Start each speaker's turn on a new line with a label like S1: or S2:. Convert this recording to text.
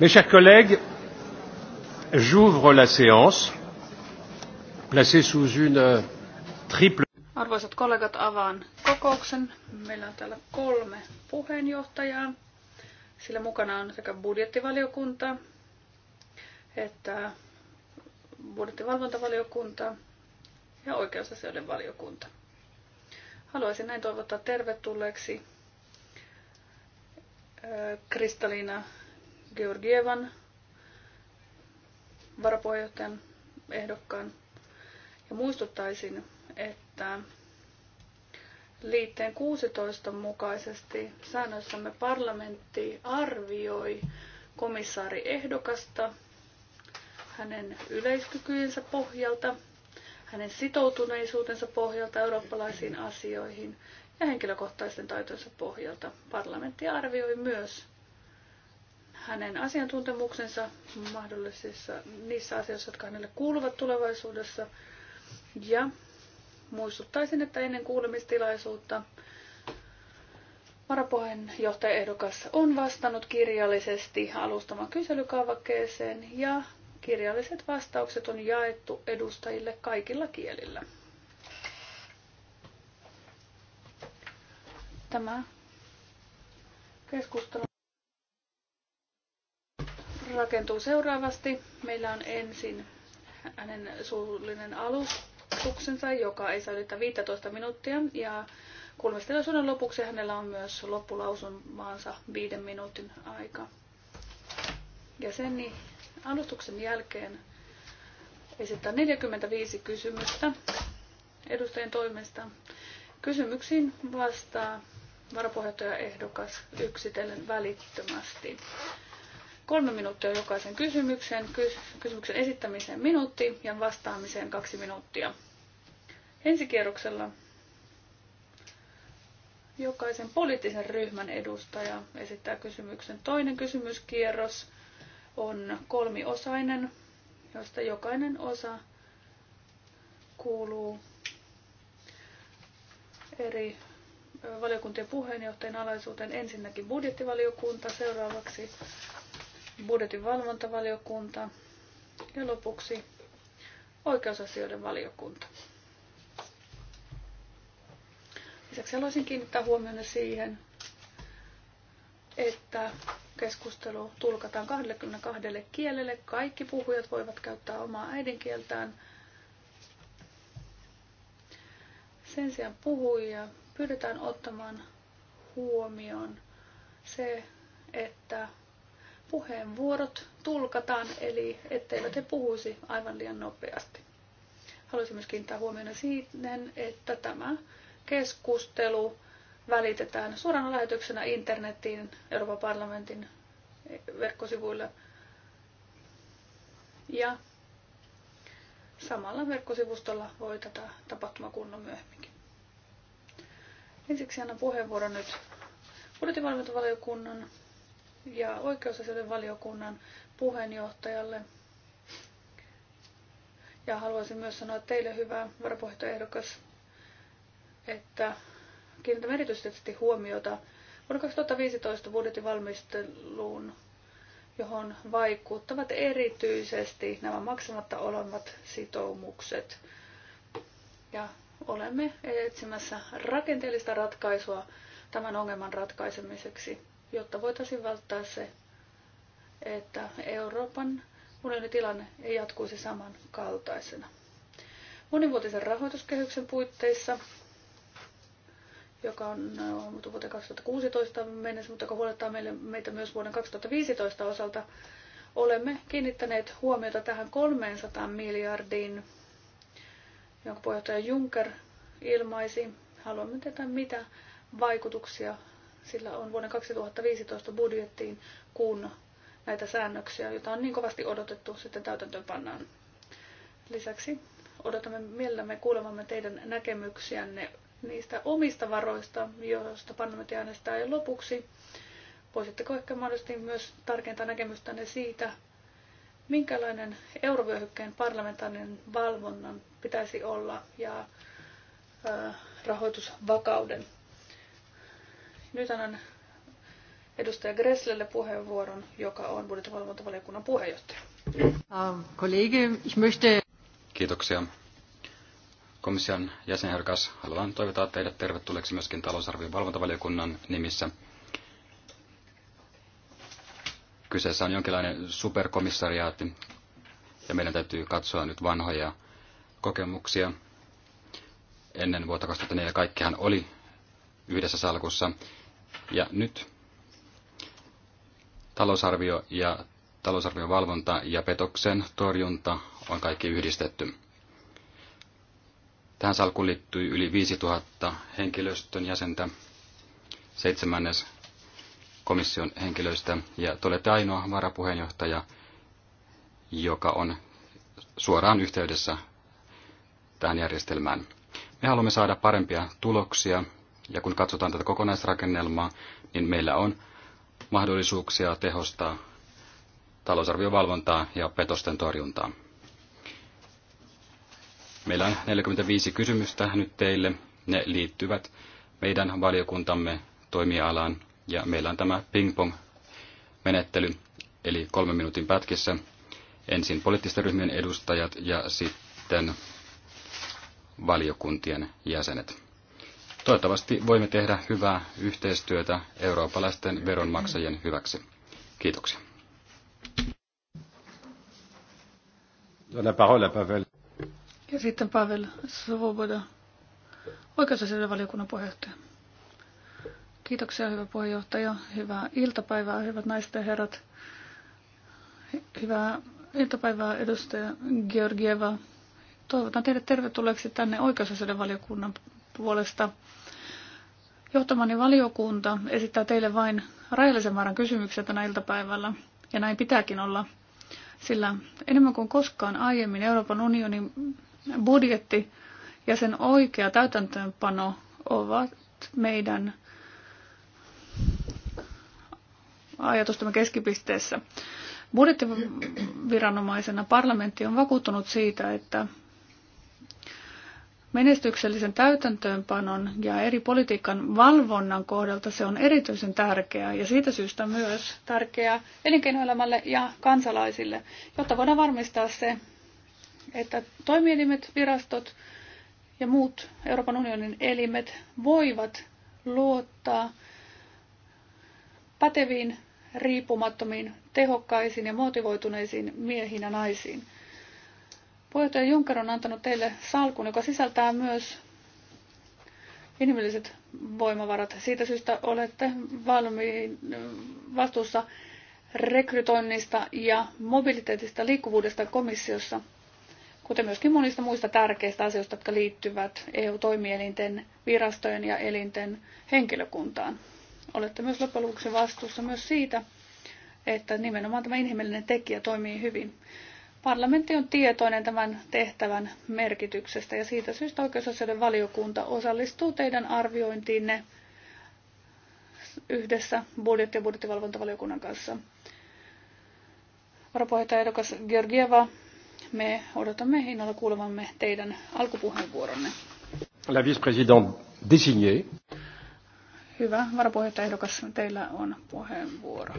S1: Mes chers collègues, j'ouvre la séance, placée sous une triple. Arvoisat kollegat, avaan kokouksen. Meillä on täällä kolme puheenjohtajaa. Sillä mukana on sekä budjettivaliokunta että budjettivalvontavaliokunta ja oikeusasioiden valiokunta. Haluaisin näin toivottaa tervetulleeksi äh, Kristalina Georgievan varapuheenjohtajan ehdokkaan. Ja muistuttaisin, että liitteen 16 mukaisesti säännössämme parlamentti arvioi komissaari ehdokasta hänen yleiskykyjensä pohjalta, hänen sitoutuneisuutensa pohjalta eurooppalaisiin asioihin ja henkilökohtaisten taitojensa pohjalta. Parlamentti arvioi myös hänen asiantuntemuksensa mahdollisissa niissä asioissa, jotka hänelle kuuluvat tulevaisuudessa. Ja muistuttaisin, että ennen kuulemistilaisuutta johtajaehdokas on vastannut kirjallisesti alustavan kyselykaavakkeeseen ja kirjalliset vastaukset on jaettu edustajille kaikilla kielillä. Tämä keskustelu rakentuu seuraavasti. Meillä on ensin hänen suullinen alustuksensa, joka ei saa ylittää 15 minuuttia. Ja kuulemistilaisuuden lopuksi hänellä on myös loppulausumaansa viiden minuutin aika. Ja sen niin alustuksen jälkeen esittää 45 kysymystä edustajien toimesta. Kysymyksiin vastaa varapuheenjohtaja ehdokas yksitellen välittömästi kolme minuuttia jokaisen kysymyksen, kysymyksen esittämiseen minuutti ja vastaamiseen kaksi minuuttia. Ensikierroksella jokaisen poliittisen ryhmän edustaja esittää kysymyksen. Toinen kysymyskierros on kolmiosainen, josta jokainen osa kuuluu eri valiokuntien puheenjohtajan alaisuuteen ensinnäkin budjettivaliokunta, seuraavaksi budjetin valvontavaliokunta ja lopuksi oikeusasioiden valiokunta. Lisäksi haluaisin kiinnittää huomiota siihen, että keskustelu tulkataan 22 kielelle. Kaikki puhujat voivat käyttää omaa äidinkieltään. Sen sijaan puhujia pyydetään ottamaan huomioon se, että puheenvuorot tulkataan, eli etteivät he puhuisi aivan liian nopeasti. Haluaisin myös kiinnittää huomiota siihen, että tämä keskustelu välitetään suorana lähetyksenä internetiin Euroopan parlamentin verkkosivuille. Ja samalla verkkosivustolla voi tätä tapahtumaa kunnon myöhemminkin. Ensiksi annan puheenvuoron nyt budjettivalvontavaliokunnan ja oikeusasioiden valiokunnan puheenjohtajalle. Ja haluaisin myös sanoa teille, hyvä varapuheenjohtajaehdokas, että kiinnitämme erityisesti huomiota vuonna 2015 budjetin valmisteluun, johon vaikuttavat erityisesti nämä maksamatta olevat sitoumukset. Ja olemme etsimässä rakenteellista ratkaisua tämän ongelman ratkaisemiseksi jotta voitaisiin välttää se, että Euroopan unionin tilanne ei jatkuisi samankaltaisena. Monivuotisen rahoituskehyksen puitteissa, joka on ollut vuoteen 2016 mennessä, mutta joka huolettaa meille, meitä myös vuoden 2015 osalta, olemme kiinnittäneet huomiota tähän 300 miljardiin, jonka puheenjohtaja Juncker ilmaisi. Haluamme tietää, mitä vaikutuksia sillä on vuoden 2015 budjettiin, kun näitä säännöksiä, joita on niin kovasti odotettu, sitten täytäntöön pannaan. Lisäksi odotamme mielellämme kuulemamme teidän näkemyksiänne niistä omista varoista, joista parlamentti äänestää ja lopuksi. Voisitteko ehkä mahdollisesti myös tarkentaa näkemystänne siitä, minkälainen eurovyöhykkeen parlamentaarinen valvonnan pitäisi olla ja rahoitusvakauden nyt annan edustaja Gresslelle puheenvuoron, joka on budjettivalvontavaliokunnan puheenjohtaja. Ähm,
S2: Kiitoksia. Komission jäsenherkas, haluan toivottaa teidät tervetulleeksi myöskin talousarvion valvontavaliokunnan nimissä. Kyseessä on jonkinlainen superkomissariaatti, ja meidän täytyy katsoa nyt vanhoja kokemuksia. Ennen vuotta 2004 kaikkihan oli yhdessä salkussa. Ja nyt talousarvio ja talousarvion valvonta ja petoksen torjunta on kaikki yhdistetty. Tähän salkuun liittyy yli 5000 henkilöstön jäsentä, seitsemännes komission henkilöistä, ja te olette ainoa varapuheenjohtaja, joka on suoraan yhteydessä tähän järjestelmään. Me haluamme saada parempia tuloksia ja kun katsotaan tätä kokonaisrakennelmaa, niin meillä on mahdollisuuksia tehostaa talousarviovalvontaa ja petosten torjuntaa. Meillä on 45 kysymystä nyt teille. Ne liittyvät meidän valiokuntamme toimialaan ja meillä on tämä ping-pong-menettely, eli kolmen minuutin pätkissä. Ensin poliittisten ryhmien edustajat ja sitten valiokuntien jäsenet. Toivottavasti voimme tehdä hyvää yhteistyötä eurooppalaisten veronmaksajien hyväksi. Kiitoksia.
S1: Ja sitten Pavel Svoboda, oikeusasioiden valiokunnan puheenjohtaja. Kiitoksia, hyvä puheenjohtaja. Hyvää iltapäivää, hyvät naiset ja herrat. Hyvää iltapäivää, edustaja Georgieva. Toivotan teidät tervetulleeksi tänne oikeusasioiden valiokunnan puolesta. Johtamani valiokunta esittää teille vain rajallisen määrän kysymyksiä tänä iltapäivällä, ja näin pitääkin olla, sillä enemmän kuin koskaan aiemmin Euroopan unionin budjetti ja sen oikea täytäntöönpano ovat meidän ajatustamme keskipisteessä. Budjettiviranomaisena parlamentti on vakuuttunut siitä, että menestyksellisen täytäntöönpanon ja eri politiikan valvonnan kohdalta se on erityisen tärkeää ja siitä syystä myös tärkeää elinkeinoelämälle ja kansalaisille, jotta voidaan varmistaa se, että toimielimet, virastot ja muut Euroopan unionin elimet voivat luottaa päteviin, riippumattomiin, tehokkaisiin ja motivoituneisiin miehiin ja naisiin – Puheenjohtaja Juncker on antanut teille salkun, joka sisältää myös inhimilliset voimavarat. Siitä syystä olette valmiin vastuussa rekrytoinnista ja mobiliteetista liikkuvuudesta komissiossa, kuten myöskin monista muista tärkeistä asioista, jotka liittyvät EU-toimielinten, virastojen ja elinten henkilökuntaan. Olette myös loppujen lopuksi vastuussa myös siitä, että nimenomaan tämä inhimillinen tekijä toimii hyvin. Parlamentti on tietoinen tämän tehtävän merkityksestä ja siitä syystä oikeusasioiden valiokunta osallistuu teidän arviointiinne yhdessä budjetti- ja budjettivalvontavaliokunnan kanssa. Varapuheenjohtaja ehdokas Georgieva, me odotamme hinnalla kuulevamme teidän alkupuheenvuoronne.
S2: La vice président désignée.
S1: Hyvä, varapuheenjohtaja ehdokas, teillä on puheenvuoro.